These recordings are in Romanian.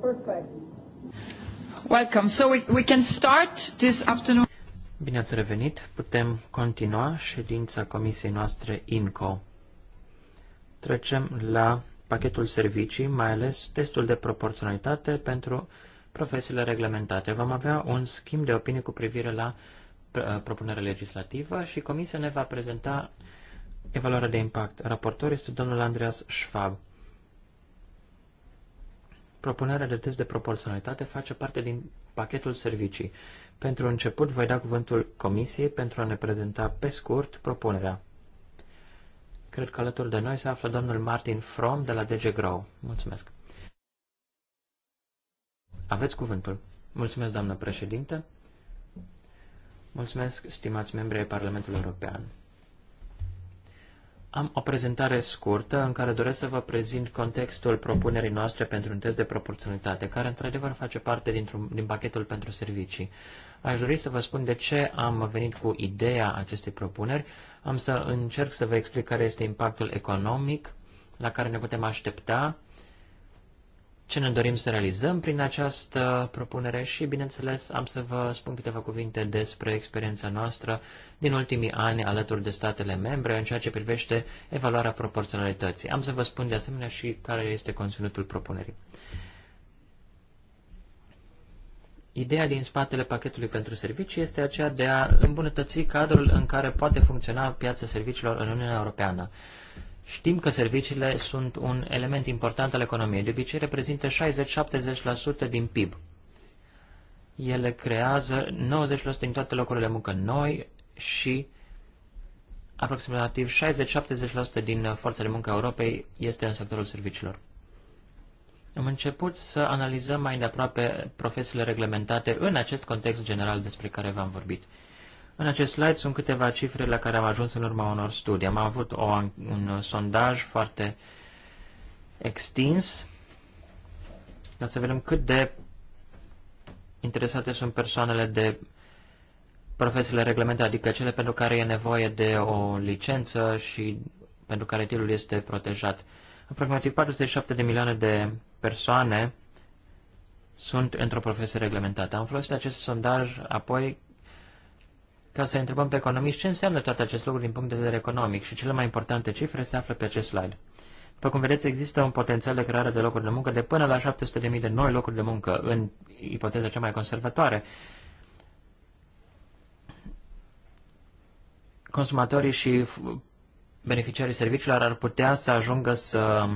perfect. Welcome. So we, we can start this afternoon. Bine ați revenit. Putem continua ședința comisiei noastre INCO. Trecem la pachetul servicii, mai ales testul de proporționalitate pentru profesiile reglementate. Vom avea un schimb de opinie cu privire la uh, propunerea legislativă și comisia ne va prezenta evaluarea de impact. Raportor este domnul Andreas Schwab. Propunerea de test de proporționalitate face parte din pachetul servicii. Pentru început, voi da cuvântul Comisiei pentru a ne prezenta pe scurt propunerea. Cred că alături de noi se află domnul Martin From de la DG Grow. Mulțumesc. Aveți cuvântul. Mulțumesc, doamnă președinte. Mulțumesc, stimați membri ai Parlamentului European. Am o prezentare scurtă în care doresc să vă prezint contextul propunerii noastre pentru un test de proporționalitate, care într-adevăr face parte din pachetul pentru servicii. Aș dori să vă spun de ce am venit cu ideea acestei propuneri. Am să încerc să vă explic care este impactul economic la care ne putem aștepta ce ne dorim să realizăm prin această propunere și, bineînțeles, am să vă spun câteva cuvinte despre experiența noastră din ultimii ani alături de statele membre în ceea ce privește evaluarea proporționalității. Am să vă spun de asemenea și care este conținutul propunerii. Ideea din spatele pachetului pentru servicii este aceea de a îmbunătăți cadrul în care poate funcționa piața serviciilor în Uniunea Europeană. Știm că serviciile sunt un element important al economiei. De obicei reprezintă 60-70% din PIB. Ele creează 90% din toate locurile de muncă noi și aproximativ 60-70% din forța de muncă a Europei este în sectorul serviciilor. Am început să analizăm mai îndeaproape profesiile reglementate în acest context general despre care v-am vorbit. În acest slide sunt câteva cifre la care am ajuns în urma unor studii. Am avut o, un sondaj foarte extins ca să vedem cât de interesate sunt persoanele de profesiile reglementate, adică cele pentru care e nevoie de o licență și pentru care titlul este protejat. Aproximativ 47 de milioane de persoane sunt într-o profesie reglementată. Am folosit acest sondaj apoi ca să întrebăm pe economiști ce înseamnă toate acest lucru din punct de vedere economic și cele mai importante cifre se află pe acest slide. După cum vedeți, există un potențial de creare de locuri de muncă de până la 700.000 de noi locuri de muncă, în ipoteza cea mai conservatoare. Consumatorii și beneficiarii serviciilor ar putea să ajungă să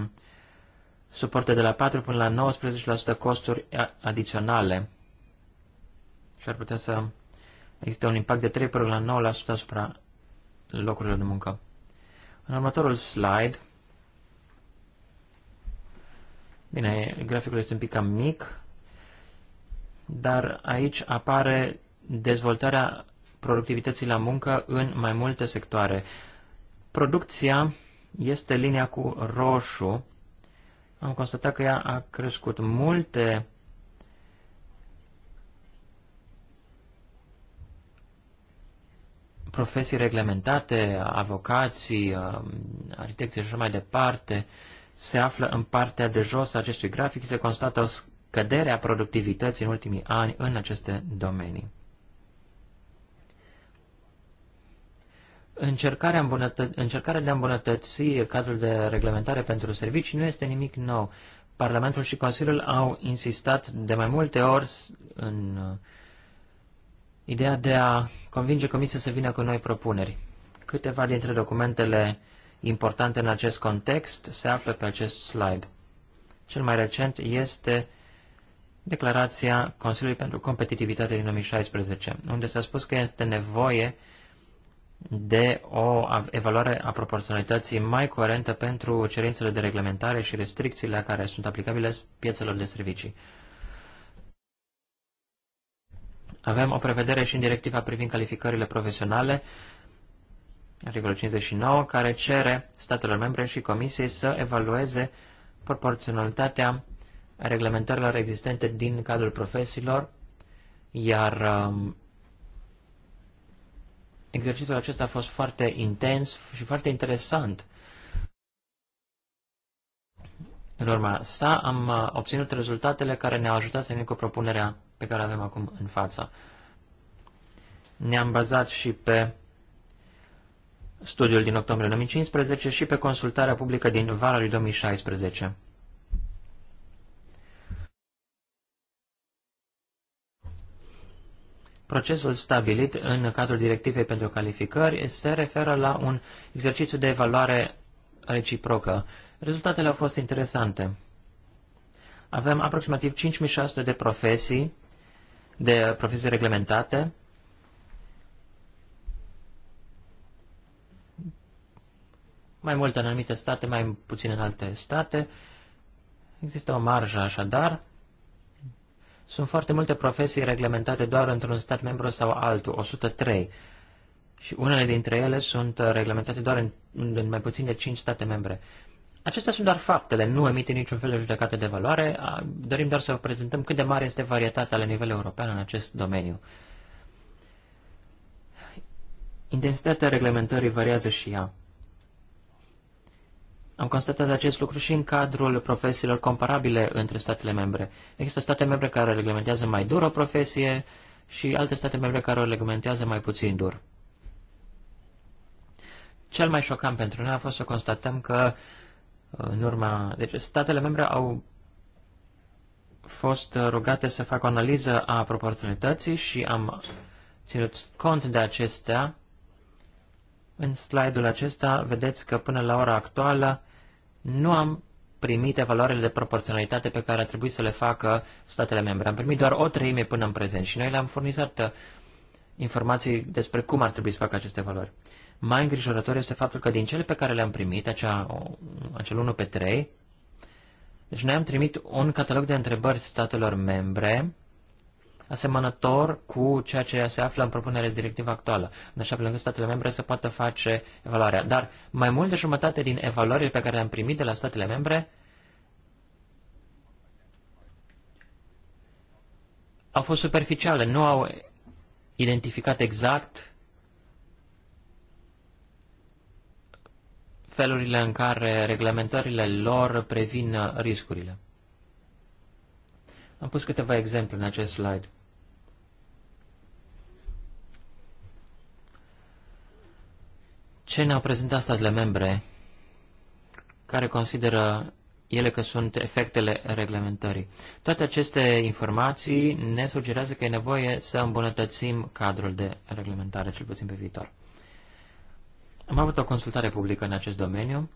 suporte de la 4 până la 19% costuri adiționale și ar putea să Există un impact de 3 până la 9% asupra locurilor de muncă. În următorul slide, bine, graficul este un pic cam mic, dar aici apare dezvoltarea productivității la muncă în mai multe sectoare. Producția este linia cu roșu. Am constatat că ea a crescut multe profesii reglementate, avocații, uh, arhitecții și așa mai departe, se află în partea de jos a acestui grafic, și se constată o scădere a productivității în ultimii ani în aceste domenii. Încercarea, îmbunătă- încercarea de a îmbunătăți cadrul de reglementare pentru servicii nu este nimic nou. Parlamentul și Consiliul au insistat de mai multe ori în uh, Ideea de a convinge Comisia să vină cu noi propuneri. Câteva dintre documentele importante în acest context se află pe acest slide. Cel mai recent este declarația Consiliului pentru Competitivitate din 2016, unde s-a spus că este nevoie de o evaluare a proporționalității mai coerentă pentru cerințele de reglementare și restricțiile care sunt aplicabile piețelor de servicii. Avem o prevedere și în directiva privind calificările profesionale, articolul 59, care cere statelor membre și comisiei să evalueze proporționalitatea reglementărilor existente din cadrul profesiilor, iar um, exercițiul acesta a fost foarte intens și foarte interesant. În urma sa am uh, obținut rezultatele care ne-au ajutat să venim cu propunerea pe care avem acum în fața. Ne-am bazat și pe studiul din octombrie 2015 și pe consultarea publică din vara lui 2016. Procesul stabilit în cadrul directivei pentru calificări se referă la un exercițiu de evaluare reciprocă. Rezultatele au fost interesante. Avem aproximativ 5600 de profesii de profesii reglementate. Mai mult în anumite state, mai puțin în alte state. Există o marjă așadar. Sunt foarte multe profesii reglementate doar într-un stat membru sau altul, 103. Și unele dintre ele sunt reglementate doar în, în mai puțin de 5 state membre. Acestea sunt doar faptele, nu emite niciun fel de judecată de valoare, dorim doar să vă prezentăm cât de mare este varietatea la nivel european în acest domeniu. Intensitatea reglementării variază și ea. Am constatat acest lucru și în cadrul profesiilor comparabile între statele membre. Există state membre care reglementează mai dur o profesie și alte state membre care o reglementează mai puțin dur. Cel mai șocant pentru noi a fost să constatăm că uh, în urma, deci statele membre au fost uh, rugate să facă o analiză a proporționalității și am ținut cont de acestea. În slide-ul acesta vedeți că până la ora actuală nu am primit evaluările de proporționalitate pe care ar trebui să le facă statele membre. Am primit doar o treime până în prezent și noi le-am furnizat uh, informații despre cum ar trebui să facă aceste valori. Mai îngrijorător este faptul că din cele pe care le-am primit, acea, acel 1 pe 3, deci noi am trimit un catalog de întrebări statelor membre, asemănător cu ceea ce se află în propunerea directivă actuală, în așa fel încât statele membre să poată face evaluarea. Dar mai mult de jumătate din evaluările pe care le-am primit de la statele membre au fost superficiale, nu au identificat exact felurile în care reglementările lor previn riscurile. Am pus câteva exemple în acest slide. Ce ne-au prezentat statele membre care consideră ele că sunt efectele reglementării. Toate aceste informații ne sugerează că e nevoie să îmbunătățim cadrul de reglementare, cel puțin pe viitor. Am avut o consultare publică în acest domeniu.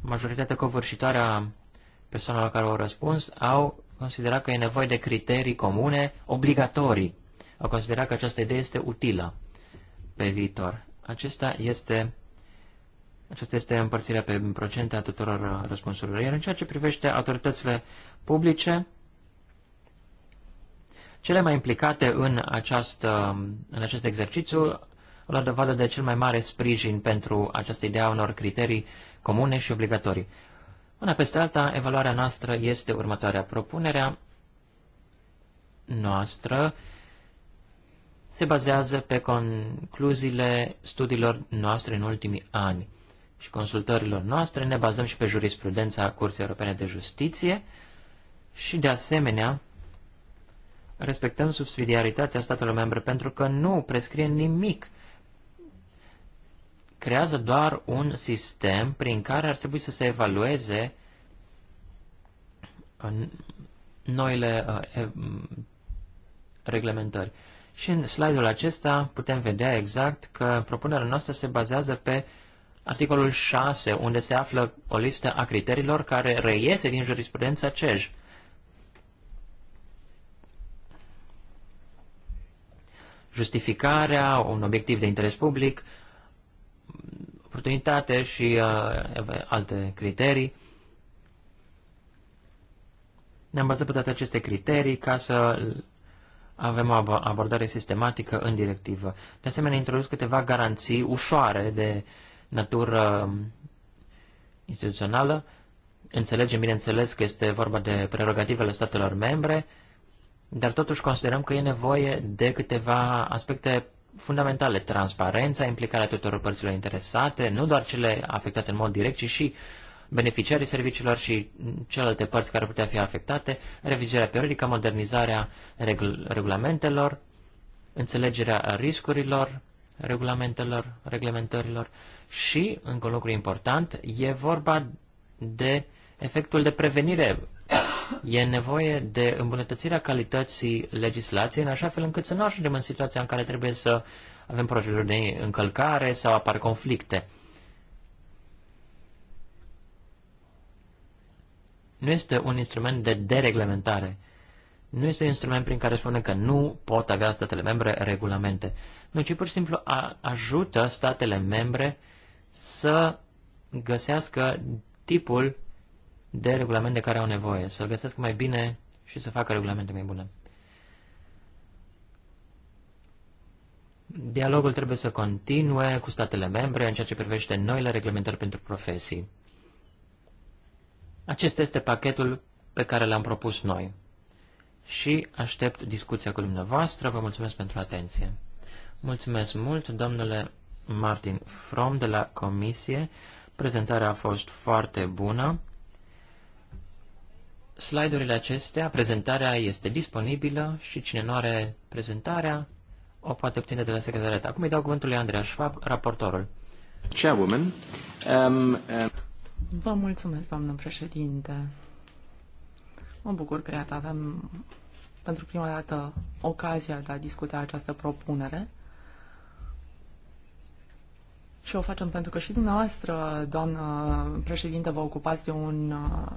Majoritatea covârșitoare a persoanelor care au răspuns au considerat că e nevoie de criterii comune obligatorii. Au considerat că această idee este utilă pe viitor. Acesta este, aceasta este împărțirea pe procente a tuturor uh, răspunsurilor. Iar în ceea ce privește autoritățile publice, cele mai implicate în, această, în acest exercițiu la dovadă de cel mai mare sprijin pentru această idee a unor criterii comune și obligatorii. Una peste alta, evaluarea noastră este următoarea. Propunerea noastră se bazează pe concluziile studiilor noastre în ultimii ani și consultărilor noastre. Ne bazăm și pe jurisprudența Curții Europene de Justiție și, de asemenea, respectăm subsidiaritatea statelor membre pentru că nu prescrie nimic creează doar un sistem prin care ar trebui să se evalueze uh, noile uh, reglementări. Și în slide-ul acesta putem vedea exact că propunerea noastră se bazează pe articolul 6, unde se află o listă a criteriilor care reiese din jurisprudența CEJ. Justificarea, un obiectiv de interes public, oportunitate și uh, alte criterii. Ne-am bazat pe toate aceste criterii ca să avem o abordare sistematică în directivă. De asemenea, introduc câteva garanții ușoare de natură um, instituțională. Înțelegem, bineînțeles, că este vorba de prerogativele statelor membre, dar totuși considerăm că e nevoie de câteva aspecte fundamentale, transparența, implicarea tuturor părților interesate, nu doar cele afectate în mod direct, ci și beneficiarii serviciilor și celelalte părți care putea fi afectate, revizuirea periodică, modernizarea regul- regulamentelor, înțelegerea riscurilor, regulamentelor, reglementărilor și, încă un lucru important, e vorba de efectul de prevenire E nevoie de îmbunătățirea calității legislației în așa fel încât să nu ajungem în situația în care trebuie să avem proceduri de încălcare sau apar conflicte. Nu este un instrument de dereglementare. Nu este un instrument prin care spune că nu pot avea statele membre regulamente. Nu, ci pur și simplu a, ajută statele membre să găsească tipul de regulamente care au nevoie, să găsesc mai bine și să facă regulamente mai bune. Dialogul trebuie să continue cu statele membre în ceea ce privește noile reglementări pentru profesii. Acesta este pachetul pe care l-am propus noi. Și aștept discuția cu dumneavoastră. Vă mulțumesc pentru atenție. Mulțumesc mult, domnule Martin From de la Comisie. Prezentarea a fost foarte bună slide-urile acestea, prezentarea este disponibilă și cine nu are prezentarea o poate obține de la secretariat. Acum îi dau cuvântul lui Andreea Schwab, raportorul. Chairwoman. Um, um... Vă mulțumesc, doamnă președinte. Mă bucur că iată avem pentru prima dată ocazia de a discuta această propunere. Și o facem pentru că și dumneavoastră, doamnă președinte, vă ocupați de un uh,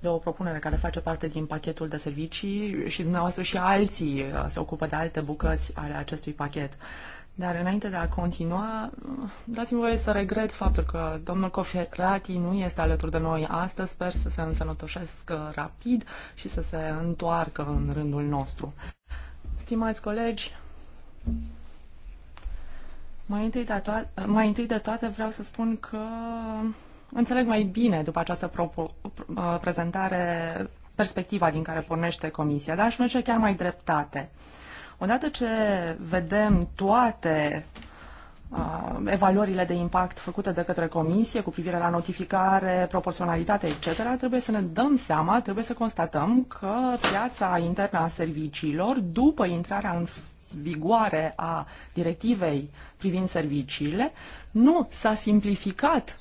de o propunere care face parte din pachetul de servicii și dumneavoastră și alții uh, se ocupă de alte bucăți ale acestui pachet. Dar înainte de a continua, uh, dați-mi voie să regret faptul că domnul Coferati nu este alături de noi astăzi. Sper să se însănătoșească rapid și să se întoarcă în rândul nostru. Stimați colegi, mai întâi de, to- mai întâi de toate vreau să spun că înțeleg mai bine după această uh, prezentare perspectiva din care pornește Comisia, dar aș merge chiar mai dreptate. Odată ce vedem toate uh, evaluările de impact făcute de către Comisie cu privire la notificare, proporționalitate, etc., trebuie să ne dăm seama, trebuie să constatăm că piața internă a serviciilor, după intrarea în vigoare a directivei privind serviciile, nu s-a simplificat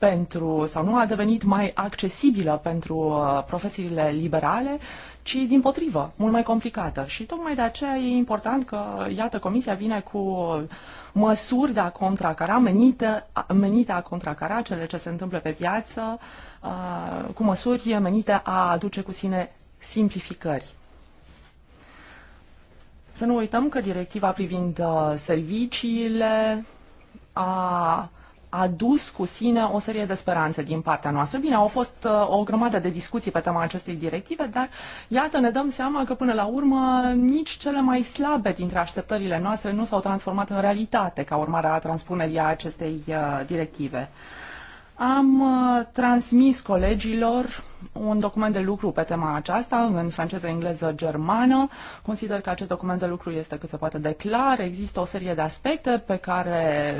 pentru sau nu a devenit mai accesibilă pentru uh, profesiile liberale, ci din potrivă, mult mai complicată. Și tocmai de aceea e important că, iată, Comisia vine cu uh, măsuri de a contracara, menite, menite a contracara cele ce se întâmplă pe piață, uh, cu măsuri menite a aduce cu sine simplificări. Să nu uităm că directiva privind serviciile a adus cu sine o serie de speranțe din partea noastră. Bine, au fost uh, o grămadă de discuții pe tema acestei directive, dar iată ne dăm seama că până la urmă nici cele mai slabe dintre așteptările noastre nu s-au transformat în realitate ca urmare a transpunerii acestei uh, directive. Am uh, transmis colegilor un document de lucru pe tema aceasta în franceză, engleză, germană. Consider că acest document de lucru este cât se poate de clar. Există o serie de aspecte pe care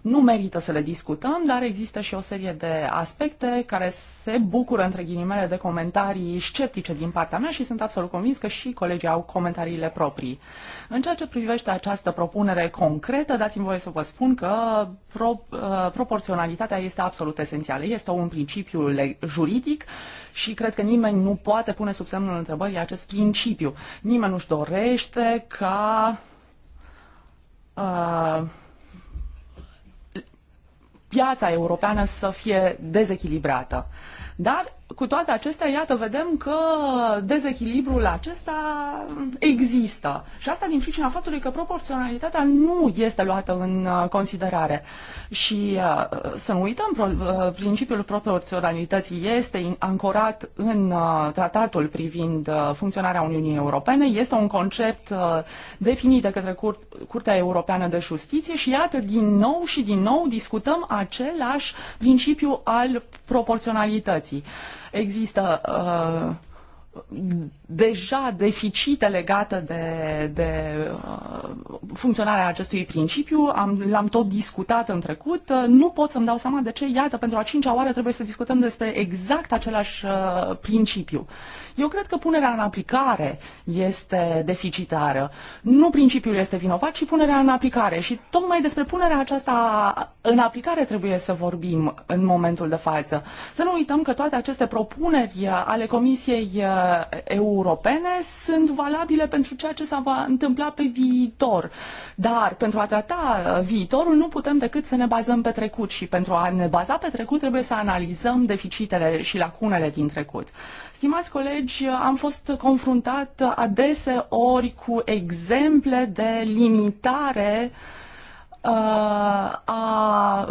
nu merită să le discutăm, dar există și o serie de aspecte care se bucură, între ghinimele, de comentarii sceptice din partea mea și sunt absolut convins că și colegii au comentariile proprii. În ceea ce privește această propunere concretă, dați-mi voie să vă spun că pro, uh, proporționalitatea este absolut esențială. Este un principiu juridic și cred că nimeni nu poate pune sub semnul întrebării acest principiu. Nimeni nu-și dorește ca uh, piața europeană să fie dezechilibrată. Dar cu toate acestea, iată, vedem că dezechilibrul acesta există. Și asta din pricina faptului că proporționalitatea nu este luată în uh, considerare. Și uh, să nu uităm, uh, principiul proporționalității este ancorat în tratatul privind funcționarea Uniunii Europene, este un concept definit de către Cur- Curtea Europeană de Justiție și iată, din nou și din nou discutăm același principiu al proporționalității. Există uh, deja deficite legate de, de uh, funcționarea acestui principiu, am, l-am tot discutat în trecut, uh, nu pot să-mi dau seama de ce, iată, pentru a cincea oară trebuie să discutăm despre exact același uh, principiu. Eu cred că punerea în aplicare este deficitară. Nu principiul este vinovat, ci punerea în aplicare. Și tocmai despre punerea aceasta în aplicare trebuie să vorbim în momentul de față. Să nu uităm că toate aceste propuneri ale Comisiei Uh, europene sunt valabile pentru ceea ce se va întâmpla pe viitor. Dar pentru a trata uh, viitorul nu putem decât să ne bazăm pe trecut și pentru a ne baza pe trecut trebuie să analizăm deficitele și lacunele din trecut. Stimați colegi, uh, am fost confruntat adeseori cu exemple de limitare uh, a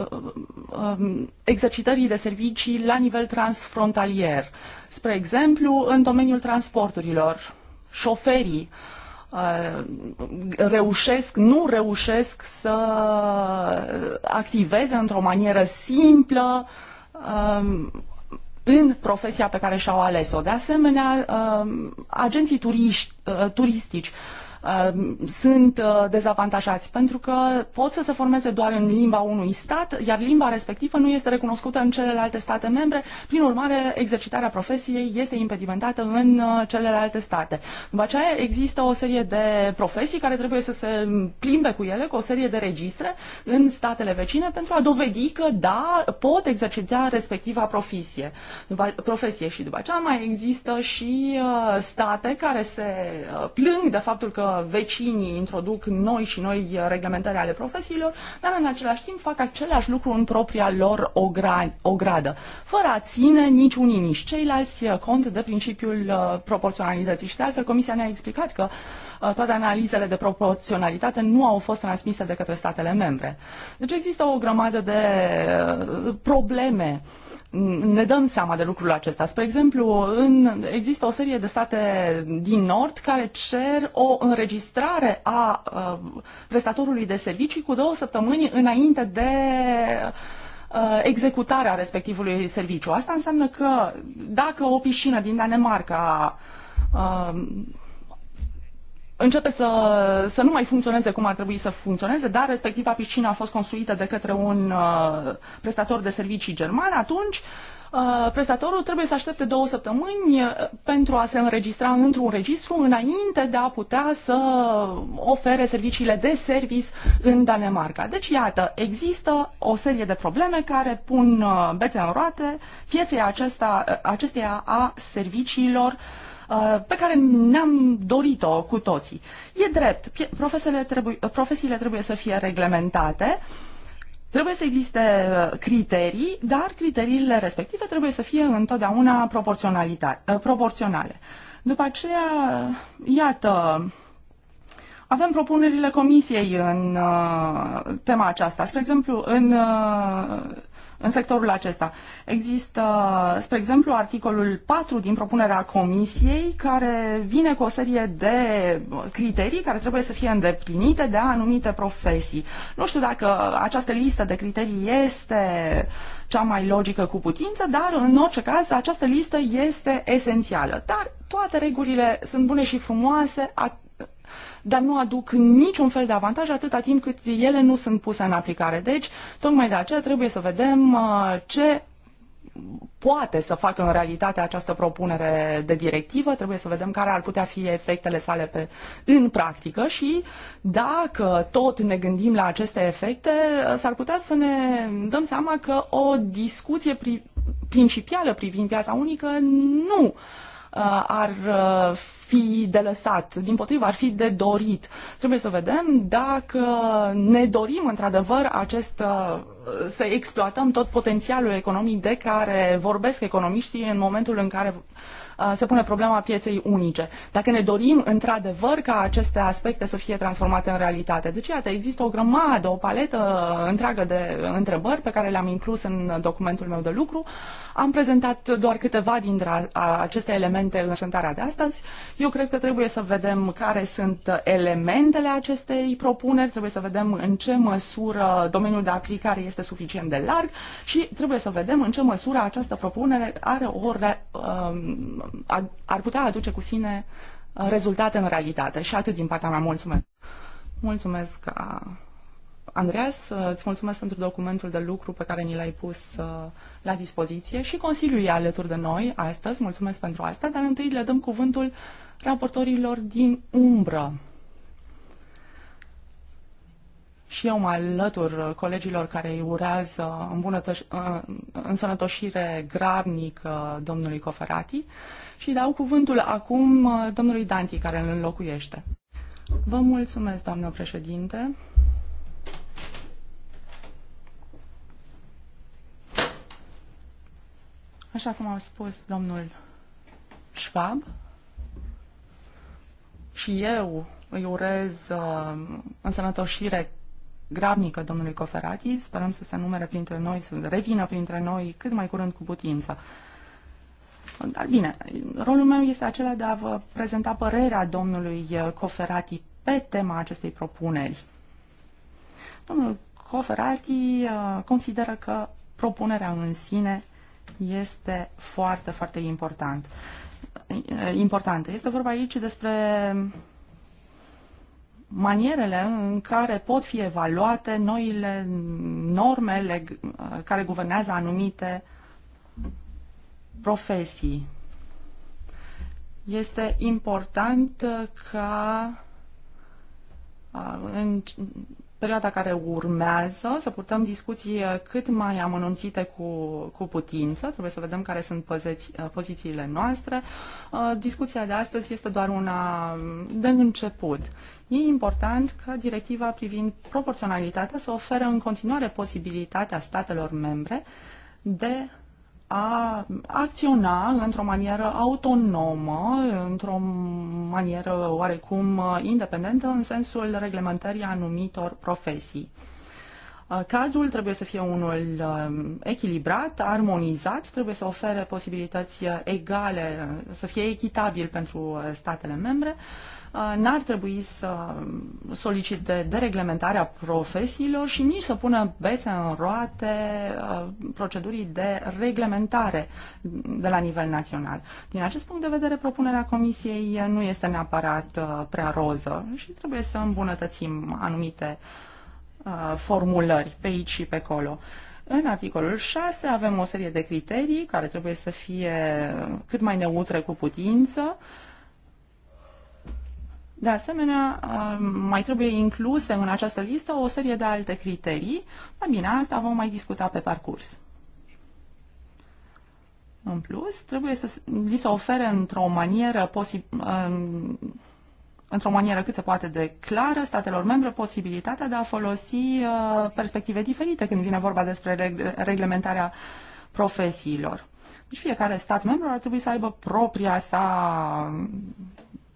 exercitării de servicii la nivel transfrontalier. Spre exemplu, în domeniul transporturilor, șoferii reușesc, nu reușesc să activeze într-o manieră simplă în profesia pe care și-au ales-o. De asemenea, agenții turiști, turistici Uh, sunt uh, dezavantajați, pentru că pot să se formeze doar în limba unui stat, iar limba respectivă nu este recunoscută în celelalte state membre, prin urmare exercitarea profesiei este impedimentată în uh, celelalte state. După aceea există o serie de profesii care trebuie să se plimbe cu ele, cu o serie de registre în statele vecine pentru a dovedi că da, pot exercita respectiva profesie. După, profesie și după aceea mai există și state care se plâng de faptul că vecinii introduc noi și noi reglementări ale profesiilor, dar în același timp fac același lucru în propria lor ogradă, fără a ține nici unii, nici ceilalți cont de principiul uh, proporționalității. Și de altfel, Comisia ne-a explicat că Uh, toate analizele de proporționalitate nu au fost transmise de către statele membre. Deci există o grămadă de uh, probleme ne dăm seama de lucrul acesta. Spre exemplu, în, există o serie de state din nord care cer o înregistrare a a uh, prestatorului de servicii cu două săptămâni înainte de executarea respectivului serviciu. Asta înseamnă că dacă o piscină din Danemarca a, începe să, să nu mai funcționeze cum ar trebui să funcționeze, dar respectiva piscină a fost construită de către un uh, prestator de servicii german, atunci uh, prestatorul trebuie să aștepte două săptămâni uh, pentru a se înregistra într-un registru înainte de a putea să ofere serviciile de servis în Danemarca. Deci, iată, există o serie de probleme care pun uh, bețe în roate pieței acesta, uh, acesteia a serviciilor uh, Uh, pe care ne-am dorit-o cu toții. E drept, profesiile trebuie, profesiile trebuie să fie reglementate, Trebuie să existe uh, criterii, dar criteriile respective trebuie să fie întotdeauna uh, proporționale. După aceea, iată, avem propunerile comisiei în uh, tema aceasta. Spre exemplu, în în sectorul acesta. Există, spre exemplu, articolul 4 din propunerea Comisiei, care vine cu o serie de criterii care trebuie să fie îndeplinite de anumite profesii. Nu știu dacă această listă de criterii este cea mai logică cu putință, dar în orice caz această listă este esențială. Dar toate regulile sunt bune și frumoase, dar nu aduc niciun fel de avantaj atâta timp cât ele nu sunt puse în aplicare. Deci, tocmai de aceea trebuie să vedem uh, ce poate să facă în realitate această propunere de directivă, trebuie să vedem care ar putea fi efectele sale pe, în practică și dacă tot ne gândim la aceste efecte, uh, s-ar putea să ne dăm seama că o discuție pri, principială privind piața unică nu uh, Uh, ar uh, fi de lăsat, din potrivă ar fi de dorit. Trebuie să vedem dacă ne dorim într-adevăr acest, uh, să exploatăm tot potențialul economic de care vorbesc economiștii în momentul în care se pune problema pieței unice. Dacă ne dorim într-adevăr ca aceste aspecte să fie transformate în realitate. Deci, iată, există o grămadă, o paletă întreagă de întrebări pe care le-am inclus în documentul meu de lucru. Am prezentat doar câteva dintre aceste elemente în prezentarea de astăzi. Eu cred că trebuie să vedem care sunt elementele acestei propuneri, trebuie să vedem în ce măsură domeniul de aplicare este suficient de larg și trebuie să vedem în ce măsură această propunere are o re, um, ar putea aduce cu sine uh, rezultate în realitate. Și atât din partea mea. Mulțumesc! Mulțumesc, uh, Andreas, uh, îți mulțumesc pentru documentul de lucru pe care ni l-ai pus la dispoziție și Consiliul e alături de noi astăzi. Mulțumesc pentru asta, dar întâi le dăm cuvântul raportorilor din umbră și eu mă alătur colegilor care îi urează ă, însănătoșire grabnică domnului Coferati și dau cuvântul acum ă, domnului Danti care îl înlocuiește. Vă mulțumesc, doamnă președinte. Așa cum a spus domnul Schwab, și eu îi urez uh, însănătoșire grabnică domnului Coferati. Sperăm să se numere printre noi, să revină printre noi cât mai curând cu putință. Dar bine, rolul meu este acela de a vă prezenta părerea domnului Coferati pe tema acestei propuneri. Domnul Coferati uh, consideră că propunerea în sine este foarte, foarte important. Uh, importantă. Este vorba aici despre manierele în care pot fi evaluate noile norme care guvernează anumite profesii. Este important ca în perioada care urmează să purtăm discuții uh, cât mai amănunțite cu, cu putință. Trebuie să vedem care sunt pozeți, uh, pozițiile noastre. Uh, discuția de astăzi este doar una um, de început. E important că directiva privind proporționalitatea să oferă în continuare posibilitatea statelor membre de a acționa într-o manieră autonomă, într-o manieră oarecum independentă în sensul reglementării anumitor profesii. Uh, cadrul trebuie să fie unul um, echilibrat, armonizat, trebuie să ofere posibilități uh, egale, uh, să fie echitabil pentru statele membre. N-ar trebui să um, solicite dereglementarea profesiilor și nici să pună bețe în roate procedurii de reglementare de la nivel național. Din acest punct de vedere, propunerea Comisiei nu este neapărat prea roză și trebuie să îmbunătățim anumite uh, Uh, formulări pe aici și pe acolo. În articolul 6 avem o serie de criterii care trebuie să fie cât mai neutre cu putință. De asemenea, uh, mai trebuie incluse în această listă o serie de alte criterii, Mai bine, asta vom mai discuta pe parcurs. În plus, trebuie să li se ofere într-o manieră posi- într-o manieră cât se poate de clară statelor membre posibilitatea de a folosi uh, perspective diferite când vine vorba despre reglementarea profesiilor. Deci fiecare stat membru ar trebui să aibă propria sa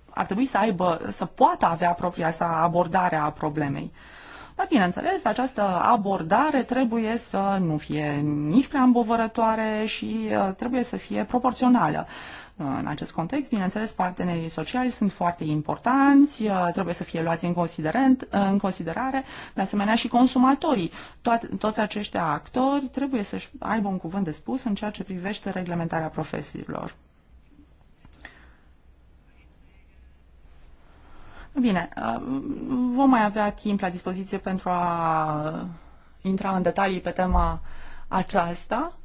ar trebui să aibă, să poată avea propria sa abordare a problemei. Uh, dar, bineînțeles, această abordare trebuie să nu fie nici prea îmbovărătoare și uh, trebuie să fie proporțională. Uh, în acest context, bineînțeles, partenerii sociali sunt foarte importanți, uh, trebuie să fie luați în, considerent, în considerare, de asemenea și consumatorii. Toat, toți acești actori trebuie să aibă un cuvânt de spus în ceea ce privește reglementarea profesiilor. Bine, uh, vom mai avea timp la dispoziție pentru a uh, intra în detalii pe tema aceasta.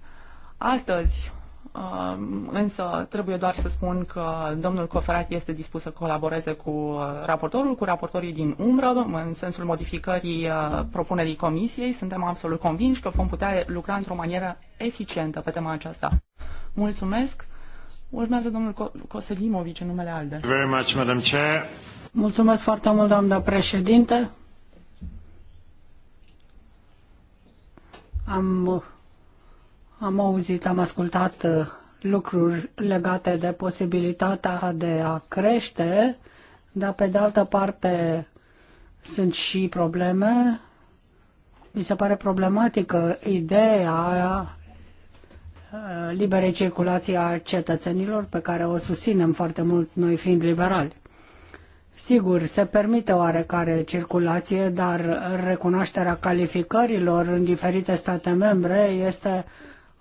Astăzi, uh, însă, trebuie doar să spun că domnul Coferat este dispus să colaboreze cu raportorul, cu raportorii din umbră, în sensul modificării propunerii comisiei. Suntem absolut convinși că vom putea lucra într-o manieră eficientă pe tema aceasta. Mulțumesc! Urmează domnul Coselimovici în numele ALDE. Very much, Madam Chair. Mulțumesc foarte mult, doamna președinte. Am, am auzit, am ascultat uh, lucruri legate de posibilitatea de a crește, dar pe de altă parte sunt și probleme. Mi se pare problematică ideea uh, liberei circulații a cetățenilor, pe care o susținem foarte mult noi fiind liberali. Sigur, se permite oarecare circulație, dar recunoașterea calificărilor în diferite state membre este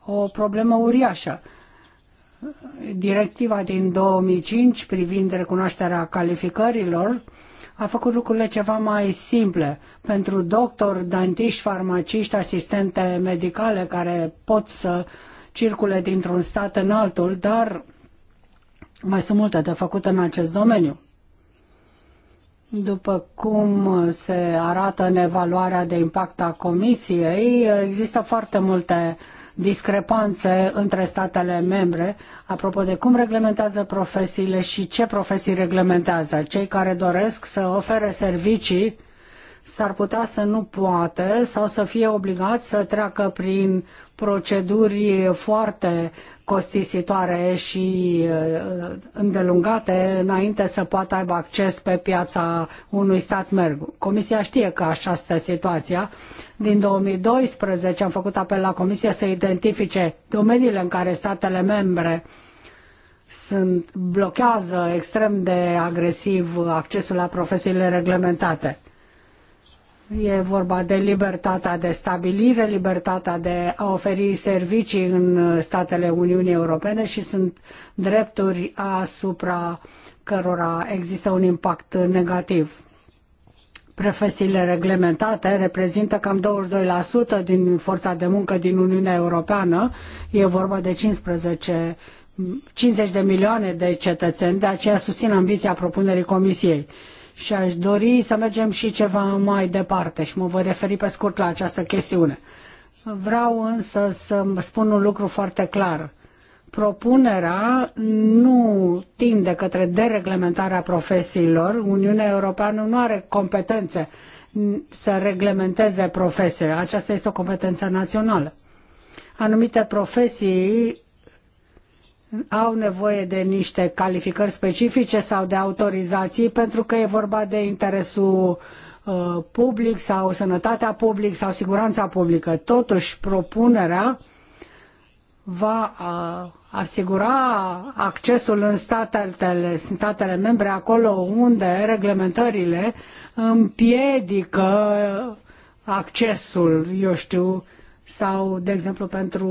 o problemă uriașă. Directiva din 2005 privind recunoașterea calificărilor a făcut lucrurile ceva mai simple pentru doctor, dantiști, farmaciști, asistente medicale care pot să circule dintr-un stat în altul, dar mai sunt multe de făcut în acest domeniu. După cum se arată în evaluarea de impact a Comisiei, există foarte multe discrepanțe între statele membre apropo de cum reglementează profesiile și ce profesii reglementează. Cei care doresc să ofere servicii s-ar putea să nu poată sau să fie obligat să treacă prin proceduri foarte costisitoare și uh, îndelungate înainte să poată aibă acces pe piața unui stat merg. Comisia știe că așa stă situația. Din 2012 am făcut apel la Comisie să identifice domeniile în care statele membre sunt, blochează extrem de agresiv accesul la profesiile reglementate E vorba de libertatea de stabilire, libertatea de a oferi servicii în statele Uniunii Europene și sunt drepturi asupra cărora există un impact negativ. Profesiile reglementate reprezintă cam 22% din forța de muncă din Uniunea Europeană. E vorba de 15 50 de milioane de cetățeni, de aceea susțin ambiția propunerii Comisiei și aș dori să mergem și ceva mai departe și mă voi referi pe scurt la această chestiune. Vreau însă să spun un lucru foarte clar. Propunerea nu tinde către dereglementarea profesiilor. Uniunea Europeană nu are competențe să reglementeze profesiile. Aceasta este o competență națională. Anumite profesii au nevoie de niște calificări specifice sau de autorizații pentru că e vorba de interesul uh, public sau sănătatea publică sau siguranța publică. Totuși, propunerea va uh, asigura accesul în statele, statele membre acolo unde reglementările împiedică accesul, eu știu, sau, de exemplu, pentru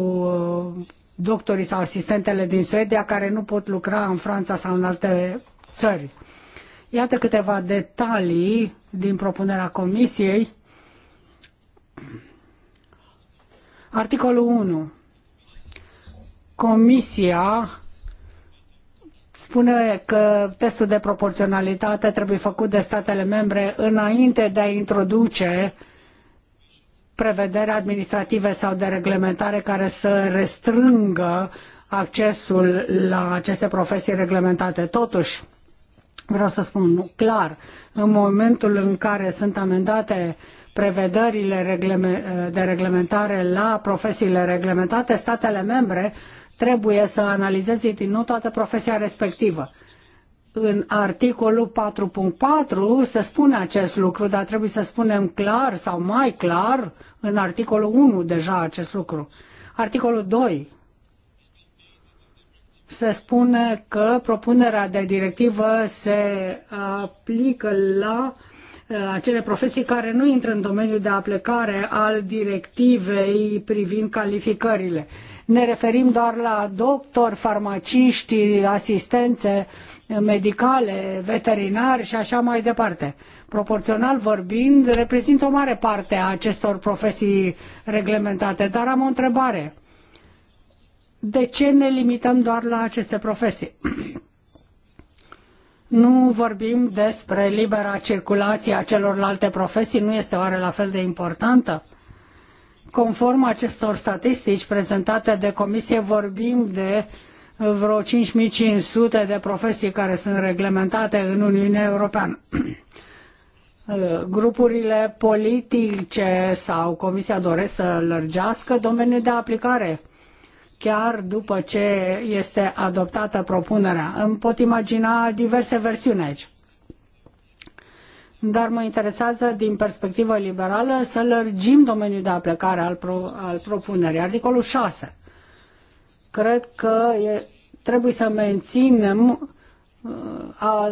uh, doctorii sau asistentele din Suedia care nu pot lucra în Franța sau în alte țări. Iată câteva detalii din propunerea Comisiei. Articolul 1. Comisia spune că testul de proporționalitate trebuie făcut de statele membre înainte de a introduce uh, prevederi administrative sau de reglementare care să restrângă accesul la aceste profesii reglementate. Totuși, vreau să spun clar, în momentul în care sunt amendate prevederile de reglementare la profesiile reglementate, statele membre trebuie să analizeze din nou toată profesia respectivă în articolul 4.4 se spune acest lucru, dar trebuie să spunem clar sau mai clar în articolul 1 deja acest lucru. Articolul 2 se spune că propunerea de directivă se aplică la uh, acele profesii care nu intră în domeniul de aplicare al directivei privind calificările. Ne referim doar la doctori, farmaciști, asistențe, medicale, veterinari și așa mai departe. Proporțional vorbind, reprezintă o mare parte a acestor profesii reglementate, dar am o întrebare. De ce ne limităm doar la aceste profesii? nu vorbim despre libera circulație a celorlalte profesii, nu este oare la fel de importantă? Conform acestor statistici prezentate de comisie, vorbim de vreo 5500 de profesii care sunt reglementate în Uniunea Europeană. Grupurile politice sau Comisia doresc să lărgească domeniul de aplicare chiar după ce este adoptată propunerea. Îmi pot imagina diverse versiuni aici. Dar mă interesează din perspectivă liberală să lărgim domeniul de aplicare al, pro, al propunerii. Articolul 6 cred că e, trebuie să menținem uh, a,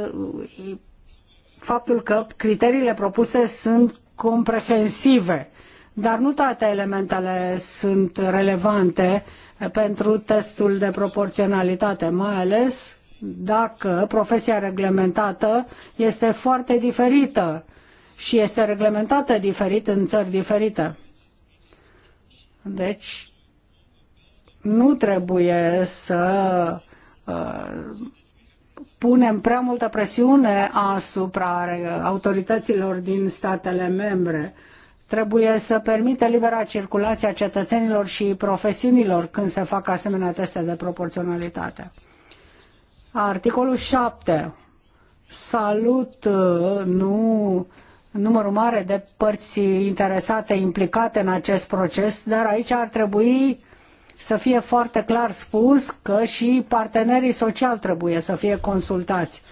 faptul că criteriile propuse sunt comprehensive, dar nu toate elementele sunt relevante pentru testul de proporționalitate, mai ales dacă profesia reglementată este foarte diferită și este reglementată diferit în țări diferite. Deci, nu trebuie să uh, punem prea multă presiune asupra uh, autorităților din statele membre. Trebuie să permită libera circulație a cetățenilor și profesiunilor când se fac asemenea teste de proporționalitate. Articolul 7. Salut, uh, nu numărul mare de părți interesate implicate în acest proces, dar aici ar trebui să fie foarte clar spus că și partenerii sociali trebuie să fie consultați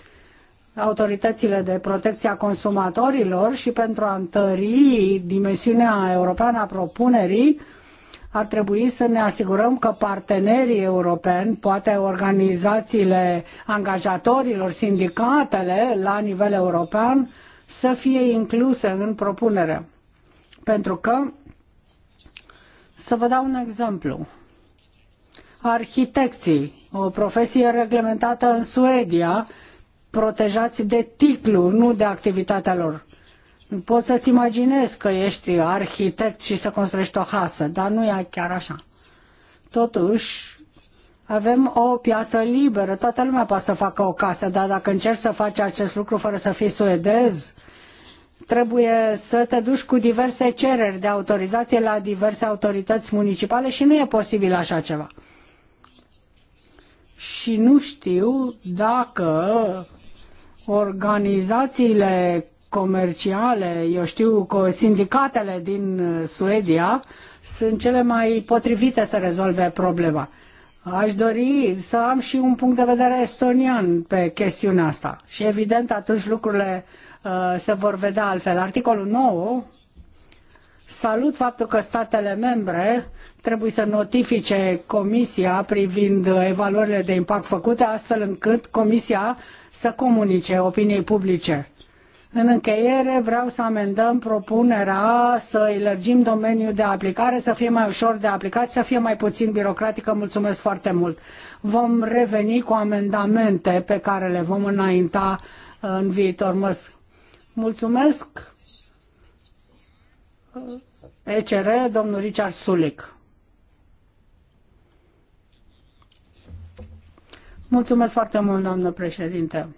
autoritățile de protecție a consumatorilor și pentru a întări dimensiunea europeană a propunerii, ar trebui să ne asigurăm că partenerii europeni, poate organizațiile angajatorilor, sindicatele la nivel european, să fie incluse în propunere. Pentru că, să vă dau un exemplu, arhitecții, o profesie reglementată în Suedia, protejați de titlu, nu de activitatea lor. Poți să-ți imaginezi că ești arhitect și să construiești o casă, dar nu e chiar așa. Totuși, avem o piață liberă, toată lumea poate să facă o casă, dar dacă încerci să faci acest lucru fără să fii suedez, trebuie să te duci cu diverse cereri de autorizație la diverse autorități municipale și nu e posibil așa ceva și nu știu dacă organizațiile comerciale, eu știu că sindicatele din Suedia sunt cele mai potrivite să rezolve problema. Aș dori să am și un punct de vedere estonian pe chestiunea asta. Și evident atunci lucrurile uh, se vor vedea altfel. Articolul 9 salut faptul că statele membre trebuie să notifice comisia privind evaluările de impact făcute, astfel încât comisia să comunice opiniei publice. În încheiere, vreau să amendăm propunerea să elargim domeniul de aplicare, să fie mai ușor de aplicat, să fie mai puțin birocratică. Mulțumesc foarte mult. Vom reveni cu amendamente pe care le vom înainta uh, în viitor. Mulțumesc. Uh, ECR, domnul Richard Sulic. Mulțumesc foarte mult, doamnă președinte.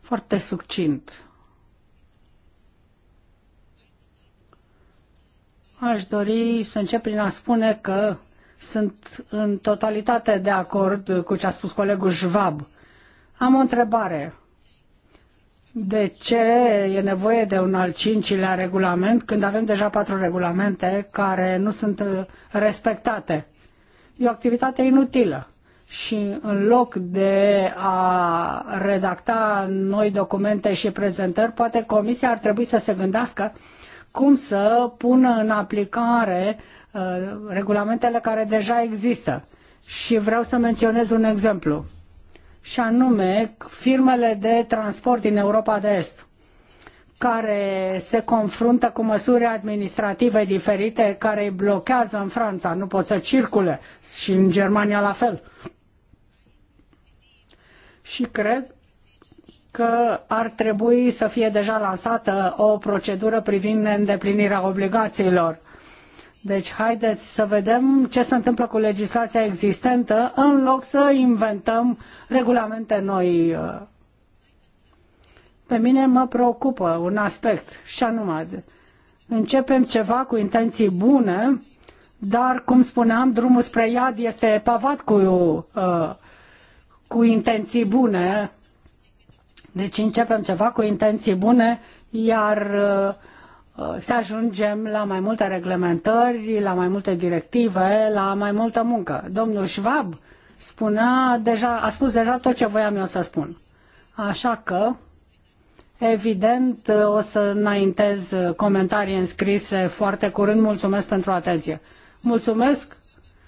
Foarte succint. Aș dori să încep prin a spune că sunt în totalitate de acord cu ce a spus colegul Schwab. Am o întrebare. De ce e nevoie de un al cincilea regulament când avem deja patru regulamente care nu sunt uh, respectate? E o activitate inutilă și în loc de a redacta noi documente și prezentări, poate comisia ar trebui să se gândească cum să pună în aplicare uh, regulamentele care deja există. Și vreau să menționez un exemplu, și anume firmele de transport din Europa de Est care se confruntă cu măsuri administrative diferite care îi blochează în Franța, nu pot să circule și în Germania la fel. Și cred că ar trebui să fie deja lansată o procedură privind îndeplinirea obligațiilor. Deci haideți să vedem ce se întâmplă cu legislația existentă în loc să inventăm regulamente noi uh, pe mine mă preocupă un aspect, și anume, începem ceva cu intenții bune, dar, cum spuneam, drumul spre iad este pavat cu, uh, cu intenții bune. Deci începem ceva cu intenții bune, iar uh, uh să ajungem la mai multe reglementări, la mai multe directive, la mai multă muncă. Domnul Schwab spunea deja, a spus deja tot ce voiam eu să spun. Așa că Evident, o să înaintez comentarii înscrise foarte curând. Mulțumesc pentru atenție. Mulțumesc.